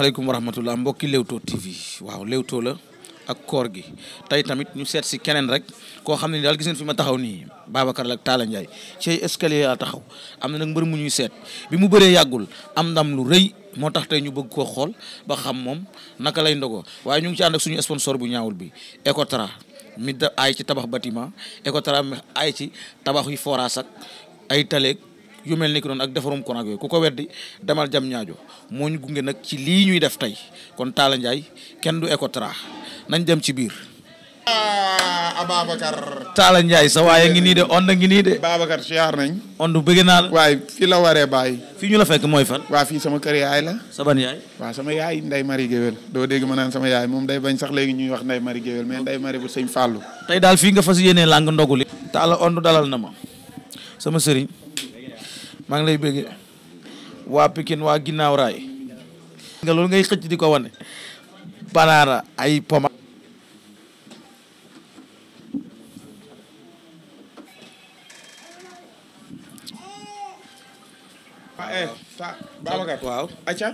asalaamaaleykum wa rahmatullah mbokki Leewtoo TV waaw Leewtoo la ak koor gi tey tamit ñu seet si keneen rek koo xam ne daal gis ngeen fi ma taxaw nii Babacar la ak Talla Ndiaye ci escalier a taxaw am na nag mbër mu ñuy seet bi mu bëree yàggul am ndam lu rëy moo tax tey ñu bëgg koo xool ba xam moom naka lay ndogo waaye ñu ngi ci ànd ak suñu sponsor bu ñaawul bi Ecotra mi da aay ci tabax bâtiment Ecotra mi aay ci tabax yi ay taleeg yu mel ni ki noonu ak defarum kon ak yooyu ku ko weddi demal jam ñaajo moo ñu gunge nag ci lii ñuy def tey kon taala njaay kenn du Ecotra nañ dem ci biir. Ah, Ababacar. Talla Ndiaye sa waaye ngi nii de ond ngi nii de. Babacar siyaar nañ. ond bëgg naa waaye fii la waree bàyyi. fii ñu la fekk mooy fan. waa fii sama kër yaay la. sa ban yaay. waaw sama yaay Ndeye Marie Géwél doo dégg ma naan sama yaay moom day bañ sax léegi ñuy wax Ndeye Marie Géwél mais Ndeye mari bu sëñ Fallou. tey daal fii nga fas yéenee làng ndogu li. Talla ond dalal na ma sama maa ngi lay bëgg waa Pikine waa ginnaaw raay nga loolu ngay xëcc di ko wane banaana ay poma eh,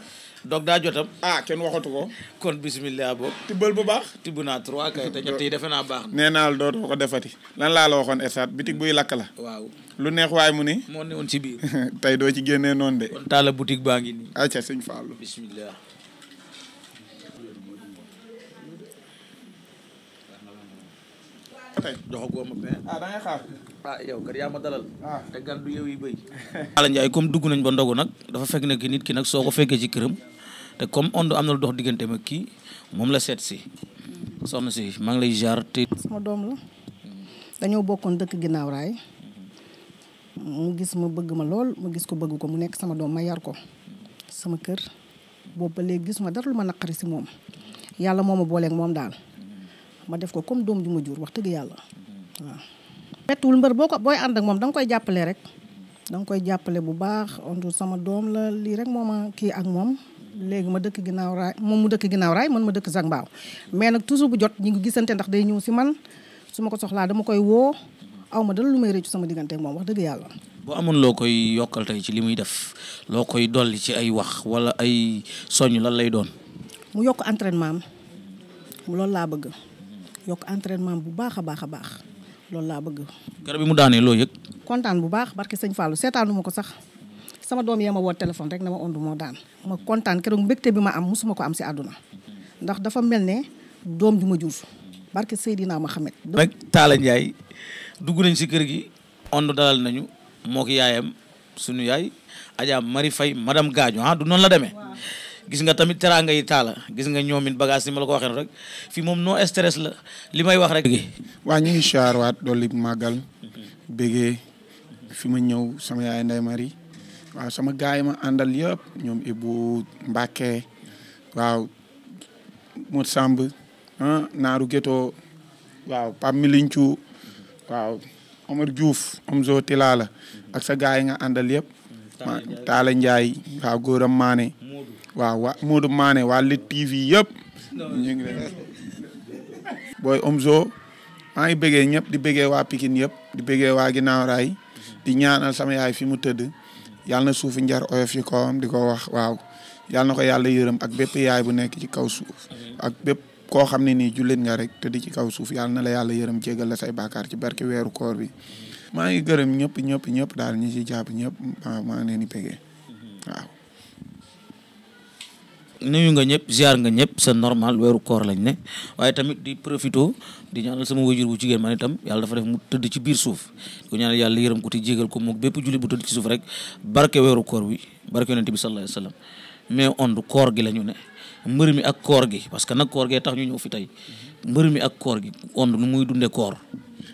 donc daa jotam. ah kenn waxatu ko. kon bisimilah boobu. tibbal bu baax. tibb naa trois kay te ñett yi defe naa baax. nee naa la o ko defati. lan laa la waxoon esaat bitig buy lakk la. waaw lu neex waay mu ni. moo newoon ci biir. tey ci génnee noonu de. kon taala boutique ngi nii. ayca sëñ Fallou. bisimilah. tey joxagoo ma benn. Ah, xaar. ah yow kat yaa ma dalal. ah te yow yi béy. Alla Ndiaye dugg nañ ba ndogu nag dafa fekk ne ki nit ki nag soo ko fekkee ci këram. te comme Onde am na lu dox diggante ma kii moom la seet si soxna si maa ngi lay jaar sama doom la dañoo bokkoon dëkk ginnaaw raay mu gis ma bëgg ma lool ma gis ko bëgg ko mu nekk sama doom ma yar ko sama kër boobu ba gis ma dara lu ma naqari si moom yàlla moo ma booleek moom daal ma def ko comme doom ju ma jur wax dëgg yàlla waaw. mettiwul mbër boo ko booy ànd ak moom danga koy jàppale rek danga koy jàppale bu baax Onde sama doom la lii rek moo ma kii ak moom. léegi ma dëkk ginnaaw raay moom mu dëkk ginnaaw raay man ma dëkk Zac Mbao mais nag toujours bu jot ñu ngi gisante ndax day ñëw si man su ma ko soxlaa dama koy woo aw ma dala lu may réccu sama diggante ak moom wax dëgg yàlla boo amoon loo koy yokkal tey ci li muy def loo koy dolli ci ay wax wala ay soññ lan lay doon mu yokk entraînement am loolu laa bëgg yokk entraînement bu baax a baax a baax loolu laa bëgg garab bi mu daanee loo yëg kontaan bu baax barke sëñ Fallou seetaanu ko sax sama doom yee ma woo téléphone rek na ma Onde moo daan ma kontaan keroog mbégte bi ma am musuma ko am si àdduna ndax dafa mel ne doom ju ma jur barke Seydina Mohamed. nag Talla Ndiaye dugg nañ si kër gi. Onde dalal nañu moo ki yaayam sunu yaay Adja Marie fay madame Gadio ah du noonu la demee. gis nga tamit teraanga yi taala gis nga ñoom it bagage ma la ko waxee rek fii moom non stress la li may wax rek. waa ñu ngi siyaar waat dolli màggal mhm. bégee ma ñëw sama waaw sama gars yi ma àndal yëpp ñoom Ibou Mbacke waaw Mour Samb ah Naaru Gétto waaw Pape Milincu waaw Omar Diouf Omzo Tilala ak sa gars yi nga àndal yëpp. Taala Ndiaye waaw Góoram Maane. waaw waa Modou waa Lit TV yëpp. ñu ngi leen booy Omzo maa ngi bëggee ñëpp di bëggee waa Pikine yëpp di bëggee waa Ginnaaw Raay di ñaanal sama yaay fi mu tëdd. yàlla na suufu njar oyof yi kawam di ko wax waaw yàlla na ko yàlla yërëm ak bépp yaay bu nekk ci kaw suuf ak bépp koo xam ne nii jullit nga rek te di ci kaw suuf yàlla na la yàlla yërëm jégal la say bàkkaar ci barki weeru koor bi maa ngi gërëm ñëpp ñëpp ñëpp daal ñi ci jàpp ñëpp maa ngi leen waaw nuyu nga ñëpp ziar nga ñëpp c'est normal weeru koor lañ ne waaye tamit di profito di ñaanal sama wajur bu jigéen man itam yàlla dafa def mu tëdd ci biir suuf ko ñaanal yàlla yërëm ko te jégal ko moom bépp julli bu tëdd ci suuf rek koor wi barke yonente bi sallallahu alayhi mais ond koor gi la ñu ne mbër mi ak koor gi parce que nag koor gee tax ñu ñëw fi tey mbër mi ak koor gi ond muy dundee koor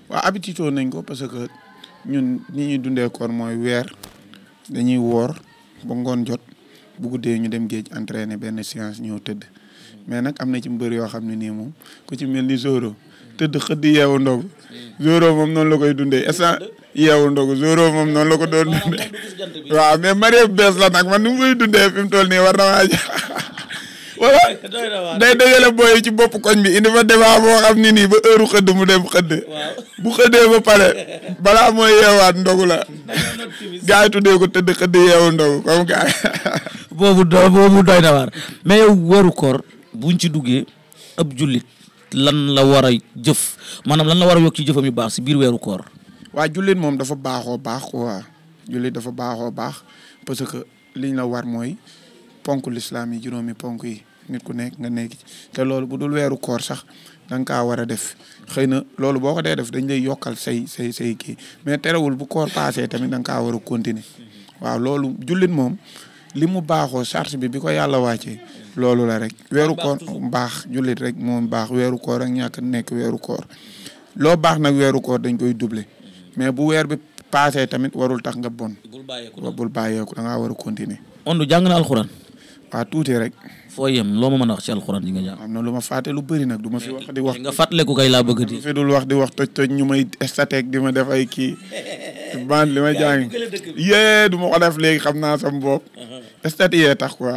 waaw habitué nañ ko parce que ñun ni ñuy dundee koor mooy weer dañuy woor ba ngoon jot bu guddee ñu dem géej entraîner benn séance ñëw tëdd mais nag am na ci mbër yoo xam ne nii moom ku ci mel ni Zoro tëdd xëdd yeewu ndogu Zoro moom noonu la koy dundee instant yeewu ndogu Zoro moom waaw mais Marie bees la nag man nu mu dundee fi mu nii war na maa wala day dajale booy ci bopp koñ bi indi fa débat boo xam ne nii ba heure xëdd mu dem xëdd bu xëddee ba pare balaa mooy yeewaat ndogu la gars yi ko tëdd xëdd yeewu ndogu comme gars boobu boobu doy na waar mais yow weeru koor bu buñ ci duggee ab jullit lan la war a jëf maanaam lan la war a yokk ci jëfam yu baax si biir weeru koor. waa jullit moom dafa baaxoo baax ko waa jullit dafa baaxoo baax parce que liñ la war mooy ponk lislaam yi juróomi ponk yi nit ku nekk nga nekk ci te loolu bu dul weeru koor sax danga nga kaa war a def xëy na loolu boo ko dee def dañ lay yokkal say say say kii mais terewul bu koor paasee tamit danga ka kaa war a continuer waaw loolu jullit moom. li mu baaxoo charte bi bi ko yàlla wàccee loolu la rek weeru koor baax jullit rek moom baax weeru koor ak ñàkk nekk weeru koor loo baax nag weeru koor dañ koy doubler mais bu weer bi paasee tamit warul tax nga bon bul bàyyeeku da ngaa war a continuer. Ondu jàng na alxuraan. waaw tuuti rek. foo yem loo ma mën a wax ci alxuraan yi nga jàng. am na lu ma fàtte lu bëri nag du ma fi wax di wax. nga fàttaliku kay laa bëgg di. fi dul wax di toj toj ñu may statek di ma def ay kii ban li ma jàng yee du ma ko léegi xam naa sam bopp. Uh-huh. stat yee tax quoi.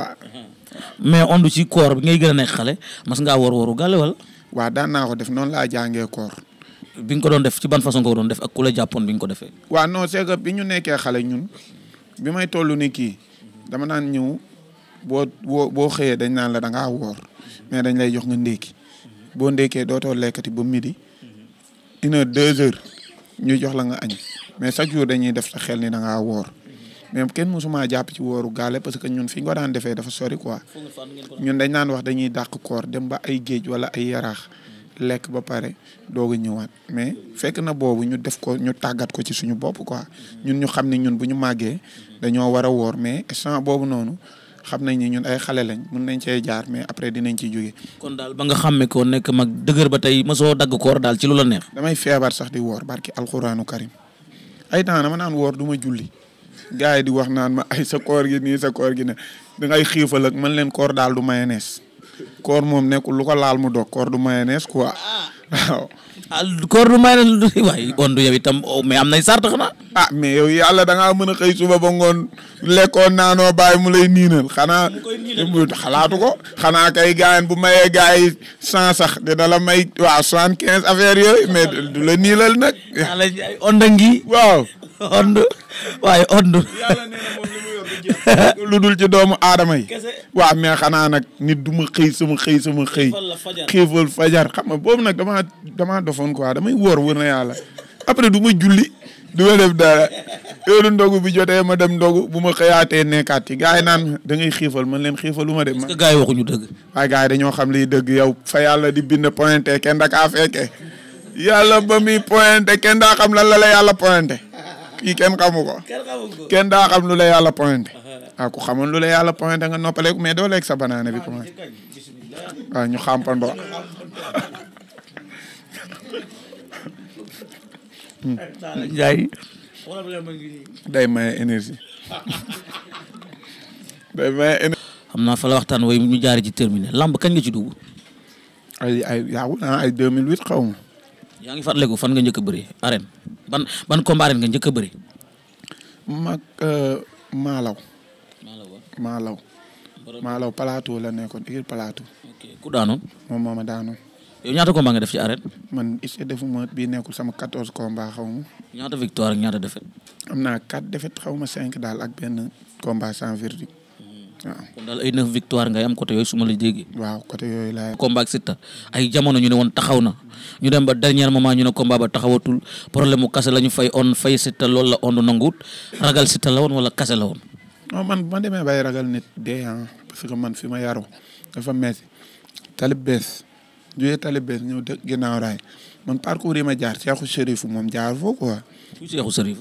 mais ondu si koor bi ngay gën a nekk xale mas ngaa war waru gàlle wala. waaw daan naa ko def noonu laa jàngee koor. bi nga ko doon def ci ban façon nga ko doon def ak kula la jàppoon bi nga ko defee. waaw non c'est que bi ñu nekkee xale ñun bi may toll ni kii dama boo boo boo xëyee dañ naan la da ngaa woor mais dañ lay jox nga ndékki boo ndékkee dootoo lekkati ba midi une heure deux heures ñu jox la nga añ mais chaque jour dañuy def sa xel ni da ngaa woor mais kenn mësuma jàpp ci wooru gaale parce que ñun fi nga ko defee dafa sori quoi ñun dañ naan wax dañuy dàq koor dem ba ay géej wala ay yaraax lekk ba pare doog ñëwaat mais fekk na boobu ñu def ko ñu tàggat ko ci suñu bopp quoi ñun ñu xam ne ñun bu ñu màggee dañoo war a woor mais instant boobu noonu xam nañ ni ñun ay xale lañ mun nañ cee jaar mais après dinañ ci jóge kon daal banga xam xàmme ko nekk mag dëgër ba tey ma soo dagg koor daal ci lu la neex damay feebar sax di woor barki alxuraanu karim ay temps dama naan woor du ma julli gars yi di wax naan ma ay sa koor gi nii sa koor gi ne dangay xiifal ak man leen koor daal du mayonnaise koor moom nekkul lu ko laal mu doog koor du nees quoi ah, waaw. ah koor du may na ondu yow itam oh, mais am nay sart xanaa. ah mais yow yàlla da ngaa mën a xëy suba ba ngoon lekkoon naanoo bàyyi mu lay niinal xanaa. xalaatu ko. xanaa kay gaayen bu mayee gaay yi sax dina la may waaw soixante quinze la niinal nag. yàlla waaw ond lu dul ci doomu aadama yi waaw mais xanaa nag nit du ma xëy sama xëy sama xëy xiifal fajar xam nga boobu nag damaa damaa dofoon quoi damay woor wër na yàlla après du ma julli du ma def dara ndogu bi jotee ma dem ndogu bu ma xëyaatee nekkaat ci gars yi naan da ngay xiifal man leen xiifalu ma dem. ma ce que gars yi waxuñu dëgg. waaye gars yi dañoo xam liy dëgg yow fa yàlla di bind pointé kenn da kaa fekke yàlla ba muy pointé kenn daa xam lan la la yàlla pointé. kii kenn xamu ko. kenn daa xam lu la yàlla pointé. ah ku xamoon la yàlla pointé nga noppaleeku mais doo lekk sa banaana bi commencé. waaw ñu xàmpandoo. Ndiaye. day maye énergie. day maye énergie. xam naa fa la waxtaan way ñu jaaree ci terminé lamb kañ nga ci dugg. ay ay yaa ah, ay 2008 xaw ma. yaa ngi fàttaliku fan nga njëkk a bëri arène ban ban combat arène nga njëkk a bëri. mag euh, Malaw. Malaw waaw Malaw. Malaw Plateau la nekkoon digir Plateau. ok ku daanoon. moom moo ma daanoon. yow ñaata combat nga def ci arène. man is defuma bi nekkul sama quatorze combat xaw ñaata victoire ak ñaata défaite. am naa quatre défaite xaw ma cinq daal ak benn combat sans verdict. waaw kon daal ay neuf victoire ngay am côté yooyu su la déggee. waaw côté yooyu laay. combat ak Siteu ay jamono ñu woon taxaw na ñu dem ba dernier moment ñu ne ko ba taxawatul problème mu kase la ñu fay on fay Siteu loolu la on nanguut ragal Siteu la woon wala kase la woon. man bu ma demee bay ragal nit dee ah parce que ma yaroo dafa metti talib bees jugee talib bees ñëw dë ginnaaw raay man parcours yi ma jaar Cheikhou Chérif moom jaar foofu quoi. Cheikhou Chérif.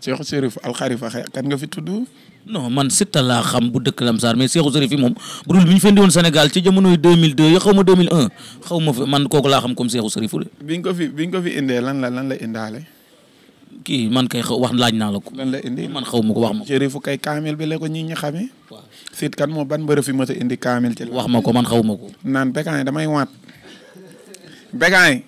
Cheikhou Chérif alxarifa kan nga fi tudd. non man Siteu laa xam bu dëkk Lamsaar mais Cheikhou Chérif yi moom bu dul bi ñu fendi woon Sénégal ci jamonoy 2002 ya xaw ma 2001 xaw ma fi man kooku ko lan la lan la man kay xaw wax laaj naa la ko. lan la indi man xaw ma ko wax ma ko. Chérifu kay kaamil bi la ko ñi ñi xamee. waaw Siteu kan moo ban mbërë fi wax ma ko man xaw ma ko. naan Bécaye damay waat Bécaye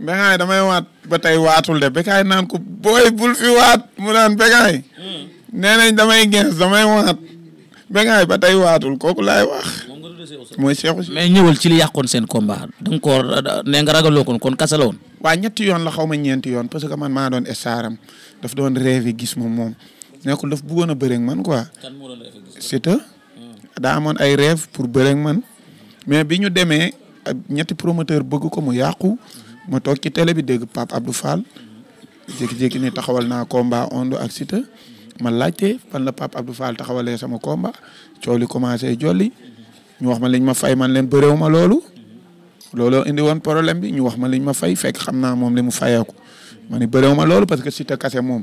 Bécaye damay waat ba tey waatul de Bécaye naan ko booy bul fi waat mu naan Bécaye hmm. nee damay gens damay waat Bécaye ba tey waatul kooku laay wax. mooy Cheikh mais ñëwal ci li yàqoon seen combat da nga koo nee nga ragaloo kon kon kasa la woon. waa ñetti yoon la xaw ma ñeenti yoon parce que man maa doon e estaaram daf doon rêve gis ma moom nekkul daf bëggoon a bëre man quoi. kan moo doon c'est hmm. daa amoon ay rêve pour bëre man mais bi ñu demee ñetti promoteur bëgg ko mu yàqu. ma toog ci télé bi dégg Pape Abdou Fall jékki-jékki ni taxawal naa combat Onde ak Siteu ma laajte fan la Pape Abdou Fall taxawalee sama combat coow li commencé jolli ñu wax ma liñ ma fay man leen bëréew ma loolu looloo indi woon problème bi ñu wax ma liñ ma fay fekk xam naa moom li mu fayeeku ma ni bëréew ma loolu parce que Siteu kase moom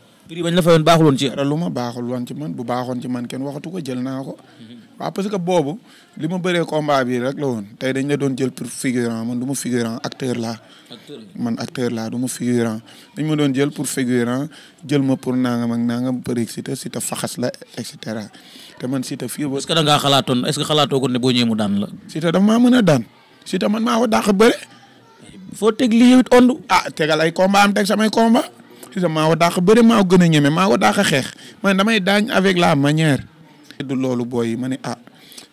mbir yi bañ la fayoon baaxul woon ci. dara lu ma baaxul woon ci man bu baaxoon ci man kenn waxatu ko jël naa ko. waaw parce que boobu li ma bëree combat bi rek la woon tey dañ la doon jël pour figurant man du ma figurant acteur laa. man acteur laa du ma figurant dañ ma doon jël pour figurant jël ma pour nangam ak nangam bëri Siteu Siteu faxas la et cetera te man Siteu fi ba. est-ce que da ngaa xalaatoon est-ce que ko ne boo ñëwee mu daan la. Siteu dafa ma mën a daan Siteu man maa ko dàq bëre. foo teg lii it ond. ah tegal ay combat Isa maa ko dàq bëri maa ko gën a ñeme maa ko dàq xeex man damay daañ avec la manière. du loolu booy ma ne a ah,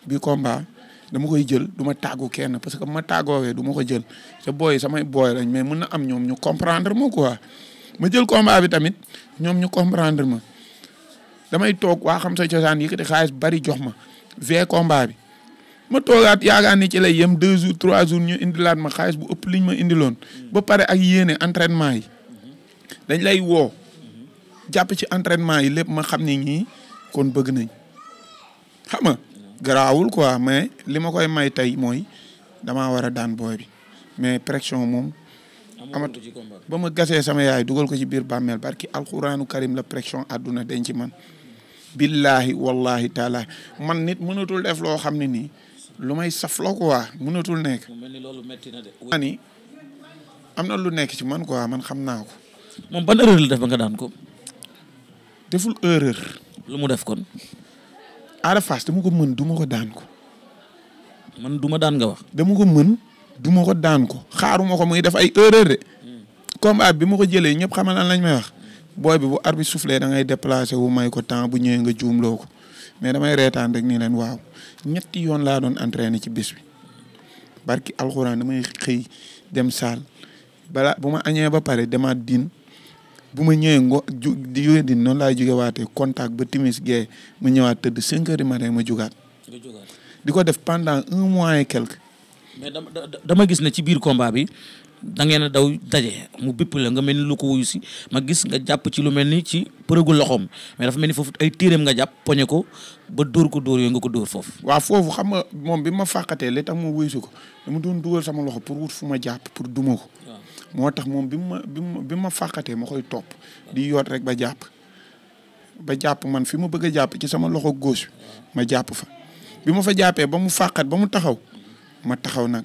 bi combat dama koy jël du ma tàggu kenn parce que bu ma tàggoowee du ma ko jël te booy samay booy rañ mais mun na am ñoom ñu comprendre ma quoi ma jël combat bi tamit ñoom ñu comprendre ma damay toog waa xam sa cosaan yëkkati xaalis bari jox ma vee combat bi ma toogaat yaakaar ni ci lay yem deux jours trois jours ñu indi indilaat ma xaalis bu ëpp liñ ma indiloon ba pare ak yéene entraînement yi. dañ lay woo jàpp ci entraînement yi lépp ma xam ni ñii kon bëgg nañ xam nga garaawul quoi mais li ma koy may tey mooy damaa war a daan booy bi mais pression moom. amat ba ma gasee sama yaay dugal ko ci biir bàmmeel barki alxuraanu karim la pression àdduna denc ci man. billahi wallahi taala man nit mënatul def loo xam ne nii lu may saf loo waa mënatul nekk. mu mel ni loolu métti na de. am na lu nekk ci man quoi man xam naa ko. moom bana erreur la def ba nga daan ko. deful erreur. lu mu def kon. Ada Fass dama ko mën duma ko daan ko. man du daan nga wax. dama ko mën du ma ko daan xaaruma ko muy def ay erreur de. combat bi ma ko jëlee ñëpp xamal lan lañ may wax. booy bi bu arbitre soufflé da ngay déplacé wu may ko temps bu ñëwee nga juumloo ko mais damay reetaan rek nii leen waaw ñetti yoon laa doon entraîné ci bis bi barki alxuraan damay xëy dem saal bala bu ma añee ba pare demaat diin bu ma ñëwee ngo di jóge di noonu laay jógewaatee waatee contact ba timis gee ma ñëwaat tëdd cinq heures du matin ma jugaat di ko def pendant un mois et quelque mais dama dama gis ne ci biir combat bi da ngeen daw daje mu bépp la nga mel ni lu ko wuyu si ma gis nga jàpp ci lu mel ni ci përëgu loxoom mais dafa mel ni foofu ay téeréem nga jàpp poñe ko ba dóor ko dóor yooyu nga ko dóor foofu. waaw foofu xam nga moom bi ma fàqatee li tax ma wuyu si ko dama doon dugal sama loxo pour wut fu ma jàpp pour duma ko. moo tax moom bi mu ma bi mu bi ma fàqatee ma koy topp di yoot rek ba jàpp ba jàpp man fi ma bëgg a jàpp ci sama loxo gauche ma jàpp fa bi ma fa jàppee ba mu fàqat ba mu taxaw ma taxaw nag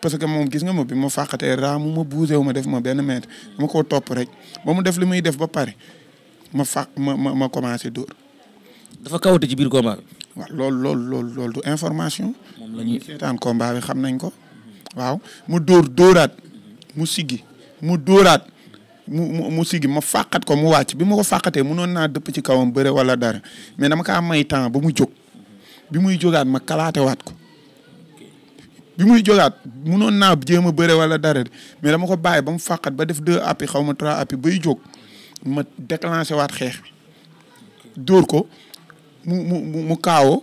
parce que moom gis nga ma bi ma fàqatee raamu ma bougé wu ma def ma benn mètre ma koo topp rek ba mu def li muy def ba pare ma fàq ma ma ma commencé dóor. dafa kawate ci biir combat bi. waaw loolu loolu loolu loolu information. moom la ñuy seetaan combat xam nañ ko. mu dóor dóoraat. mu siggi mu dóoraat mu siggi ma fàqat ko mu wàcc bi ma ko fàqatee mënoon naa dëpp ci kawam bëre wala dara mais dama kaa may temps ba mu jóg bi muy jógaat ma kalaatewaat ko bi muy jógaat mënoon naa jéem a bëre wala dara mais dama ko bàyyi ba mu fàqat ba def deux appi xaw ma trois appi bay jóg ma déclenché waat xeex bi dóor ko mu mu mu kaawoo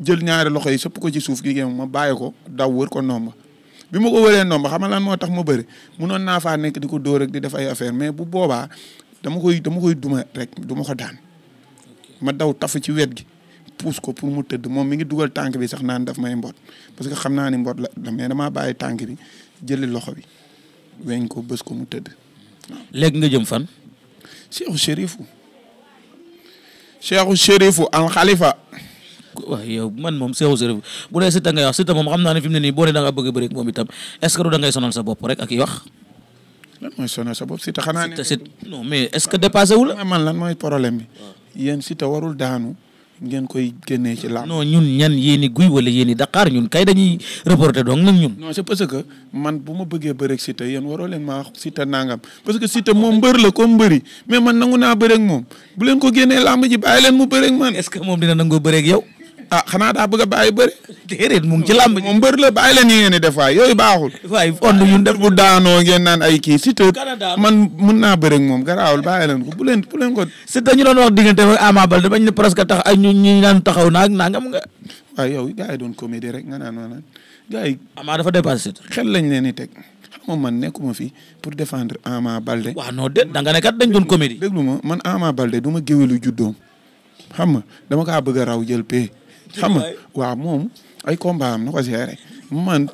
jël ñaari loxo yi sëpp ko ci suuf gi ma bàyyi ko daw wër ko nomba bi ma ko wëree ndomb xam moo tax ma bëri munoon naa faa nekk di ko dóor rek di def ay affaire mais bu boobaa dama koy dama koy duma rek du ma ko daan ma daw tafu ci wet gi puus ko pour mu tëdd moom mi ngi dugal tànk bi sax naan daf may mboot parce que xam naa ni mboot la mais damaa bàyyi tànk bi jëli loxo bi weñ ko bës ko mu tëdd léegi nga jëm fan Cheikhu Chérifu Cheikhu Chérifu al Khalifa waaw yow man moom seexu sa réew bu dee Siteu ngay wax Siteu moom xam naa ne fi ne nii boo ne da nga a bëri moom itam est-ce que du da sa bopp rek ak wax ne Siteu non mais est-ce que dépassé wu la man lan mooy problème bi yéen Siteu warul daanu ñun ñan yéeni guy wala yéeni Dakar ñun kay dañuy reporté donc nag ñun non c'est parce que man bu ma bëggee bëreeg Siteu yéen waroo leen maa nangam parce que Siteu moom mbër la comme mbëri mais man nangu naa bëreeg moom bu leen ko génnee làmb ji bàyyi leen mu bëreeg man est moom dina nangoo bëreeg yow ah xanaa daa bëgg a bàyyi bëri. déedéet mu ngi ci làmb moom mbër la bàyyi leen yi ngeen di def waay yooyu baaxul. waay ond yu def bu daanoo ngeen naan ay kii Siteu man mun naa bëri ak moom garaawul bàyyi leen ko bu leen bu leen ko. Siteu ñu doon wax diggante ak Ama Baldé bañ ne presque tax ay ñu ñu naan taxaw naag nangam nga. waaw yow gars yi doon comédie rek nga naan maanaam gars yi. Ama dafa dépassé. xel lañ leen di teg moom man nekkuma fi pour défendre Ama Baldé. waaw non déet da nga ne kat dañ doon comédie. déglu ma man Ama Baldé du ma géwélu juddoom xam nga dama kaa bëgg a raw jël pee xam nga waaw moom ay combat am na ko géré man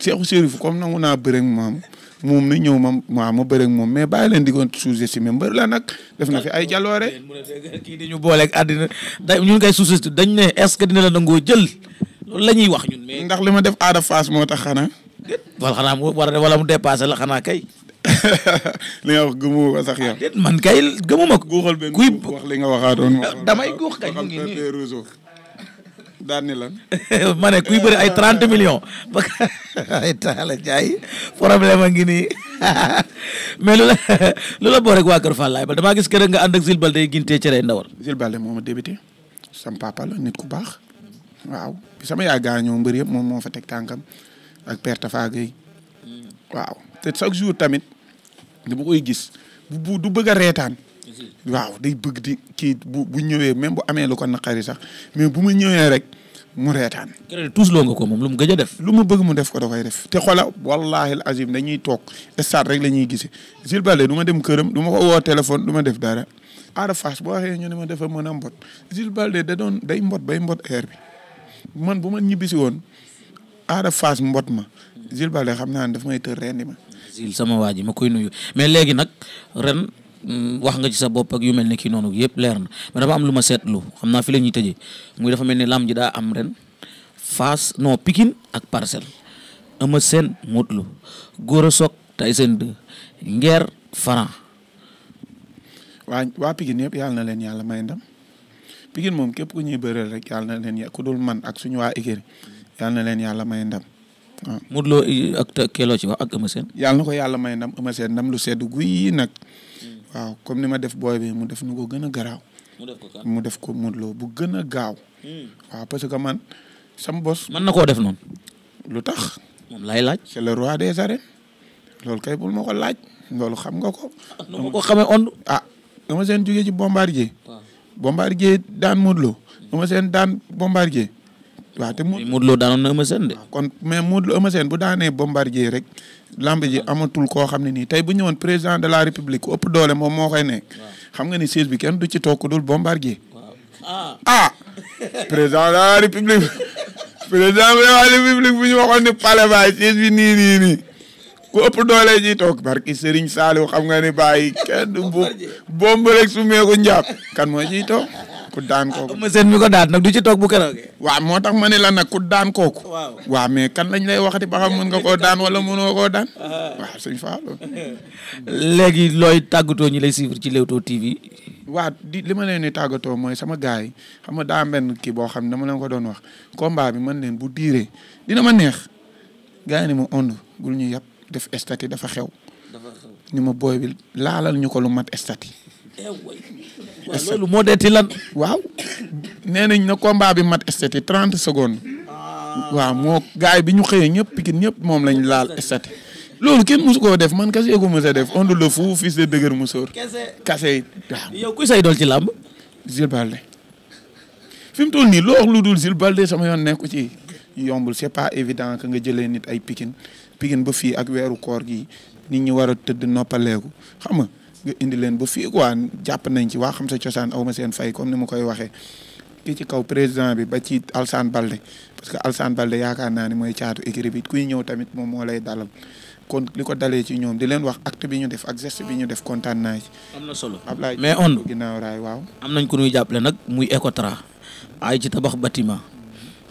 Cheikhou Chérif comme nangu naa bëre ak moom moom na ñëw ma waaw ma bëre moom mais bàyyi leen di ko sous-estimé mbër la nag def na fi ay jaloore kii di ñu booleeg àddina da ñun kay sous-estimé dañ ne est-ce que dina la nangoo jël loolu la ñuy wax ñun mais ndax li ma def aada face moo tax xanaa wala xanaa mu war wala mu dépassé la xanaa kay li nga wax gëmoo ko sax yow. man kay gëmuma ko. guuxal benn kuy wax li nga waxaatoon. damay daan ni lan. ma ne kuy bëri ay trente millions ba ay taala jaay problème a ngi nii mais lu la lu la boo waa Kër Fallaye Baldé damaa gis kër nga ànd ak Zil Baldé gintee cere ndawal. Zil Baldé moo ma débuté sam papa nit ku baax waaw bi sama yaay gaañoo mbër yëpp moom moo fa teg tànkam ak père Tafa Gueye mm. waaw te chaque jour tamit dama koy gis bu du bëgg a reetaan. waaw day bëgg di bu bu ñëwee même bu amee lu ko naqari sax mais bu ma ñëwee rek mu reetaan. keroog tuus loo nga ko moom lu mu gëj a def. lu ma bëgg mu def ko da koy def te xoola wallahi al azim dañuy toog stade rek la ñuy gisee Jules Baldé du ma dem këram du ma woo téléphone du ma def dara Ada Fass boo waxee ñu ne ma dafa mën a mbot Jules Baldé da doon day mbot bay mbot air bi man bu ma ñibbisi woon Ada Fass mbot ma Jules Baldé xam naa ne daf may tër rendi ma. Jules sama waa ji ma koy nuyu mais léegi nag ren. Mm, wax nga ci sa bopp ak yu mel ne kii noonu yëpp leer na mais am lu ma seetlu xam naa fi la ñuy muy dafa mel ni lamb ji daa am ren Fass non Pikine ak Parcelles Eumeu Sène Modou Lô Gora Sock Tyson 2 Nguer yëpp yàlla na leen yàlla may ndam Pikine moom képp ku ñuy bëreel rek yàlla na leen ku dul man ak suñu waa écurie yàlla na leen yàlla may ndam waaw Modou Lô ak keloo ci wax ak Eumeu Sène yàlla na ko yàlla may ndam Eumeu Sène ndam lu sedd guyi waaw comme ni ma def booy bi mu def nu ko gën a mu def ko kan bu gën a gaaw. Hmm. waaw parce que man sam bos. man na koo def noonu. lu tax. moom laay laaj. c'est le des arènes. loolu kay bul ma ko laaj. loolu xam nga ko. Ah, nu ma ko xamee ond. ah dama seen jugee ci bombardier. waaw bombardier daan Modou Lo. dama seen daan bombardier. waaw te Modou Lo daanoon na Eumeu Sène de. kon mais Modou Lo Eumeu Sène bu daanee bombardier rek lamb ji ah. amatul koo xam ne nii tey bu ñëwoon président de la république ku ëpp doole moom moo koy nekk. xam nga ni siège bi kenn du ci toog ku dul bombardier. ah ah. président de la république président de la république bu ñu waxoon ni palais baay siège bi nii nii doole ji toog barki Serigne Saliou xam nga ni bàyyi kenn bomb rek su meeku njàpp kan moo ku daan ah, kooku Eumeu Sène mi ko daan nag du ci toog bu keroogee. waaw moo tax ma ne la nag ku daan kooku. waaw waaw mais kan lañ lay waxati ba xam mën nga koo daan wala mënoo koo daan. Ah. waaw sëñ Fallou. léegi looy tàggatoo ñi lay suivre ci Leewtoo TV. waa di li ma leen di tàggatoo mooy sama gars yi xam nga daa benn kii boo xam ne dama leen ko doon wax combat mi man leen bu diiree dina ma neex gars yi ni ma ond gul ñu yàpp def statut dafa xew. dafa xew ma booy bi laalal ñu ko lu mat statut. loolu moo deeti lan. waaw nee nañ ne combat bi mat esthétique trente secondes. waaw moo gaay bi ñu xëyee ñëpp pikin ñëpp moom lañ laal esthétique. loolu kenn musu koo def man kese ko mos a def onde le fou fils de dëgër musóor. kese kese waaw. dool ci làmb. Zil Balde fi mu toll nii loo lu dul Zil Balde sama yoon nekku ci yombul c'est pas évident que nga jëlee nit ay pikin pikin ba fii ak weeru koor gi nit ñi war a tëdd noppaleeku xam nga. indi leen ba fii quoi jàpp nañ ci waa xam sa cosaan aw ma seen fay comme ni mu koy waxee ki ci kaw président bi ba ci Alsane Balde parce que Alsane Balde yaakaar naa ne mooy caatu écurie bi kuy ñëw tamit moom moo lay dalal kon li ko dalee ci ñoom di leen wax acte bi ñu def ak bi ñu def kontaan naa ci. am na solo mais on ginnaaw raay waaw. am nañ ku ñuy jàppale nag muy Ecotra ay ci tabax bâtiment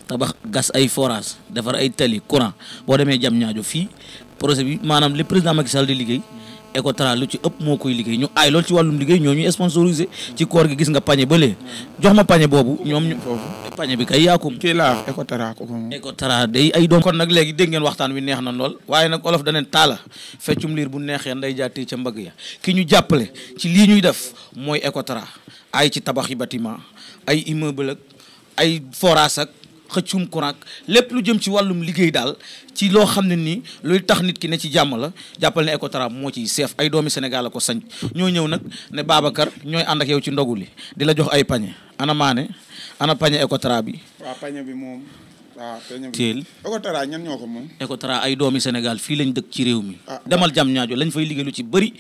tabax gas ay forage defar ay tali courant boo demee jam ñaajo fii projet bi maanaam li président Macky Sall di liggéey. Ecotra lu ci ëpp moo koy liggéey ñu ay loolu ci wàllum liggéey ñoo ñuy sponsorisé ci koor gi gis nga pañe ba lee jox ma pañe boobu ñoom ñu pañe bi kay yaa ko kii laa Ecotra ko moom Ecotra day ay doom kon nag léegi dégg ngeen waxtaan wi neex na lool waaye nag olof daneen taala feccum liir bu neexee nday jaatee ca mbag ya ki ñu jàppale ci lii ñuy def mooy Ecotra ay ci tabax yi bâtiment ay immeuble ak ay forage xëccum courant lépp lu jëm ci wàllum liggéey daal ci loo xam ne nii luy tax nit ki ne ci jàmm la jàppal ne Ecotra moo ci seef ay doomi Sénégal la ko sañ ñoo ñëw nag ne Babacar ñooy ànd ak yow ci ndogu li di la jox ay pañe ana maane ana pañe Ecotra bi. waaw bi moom. waaw teel Ecotra ñan ñoo ko moom. Ecotra ay doomi Sénégal fii lañ dëkk ci réew mi. Ah, demal jam ñaajo lañ fay liggéey lu ci bëri.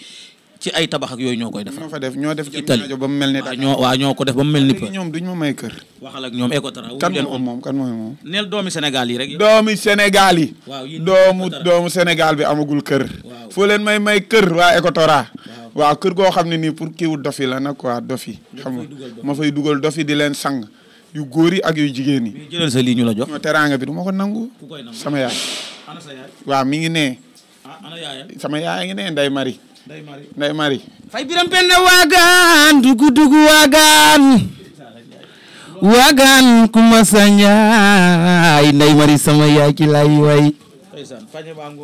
ci ay tabax ak yooyu ñoo koy defar. ñoo fa def ñoo def Diamniadio ba mu mel ni daal ñoo ñoo ko def ba mu mel ni. pa ñoom duñ ma may kër. ak ñoom Ecotra. kan moom moom kan mooy moom. neel doomi Sénégal yi rek. doomi Sénégal yi. waaw doomu doomu Sénégal bi amagul kër. waaw foo leen may may kër waa Ecotra. waaw kër goo xam ne nii pour kiiwu dofi la nag quoi dofi. xam nga ma fay dugal dofi di leen sang. yu góor yi ak yu jigéen yi. jëlal sa lii ñu jox. teraanga bi du ma ko nangu. sama yaay. ana sa yaay. waaw mi ngi ne. Ah, ana yaay. sama ngi ne Ndeye Marie nday mari fay biram penn dugu dugu waagaan waagaan ku ma sa sama yaay ci lay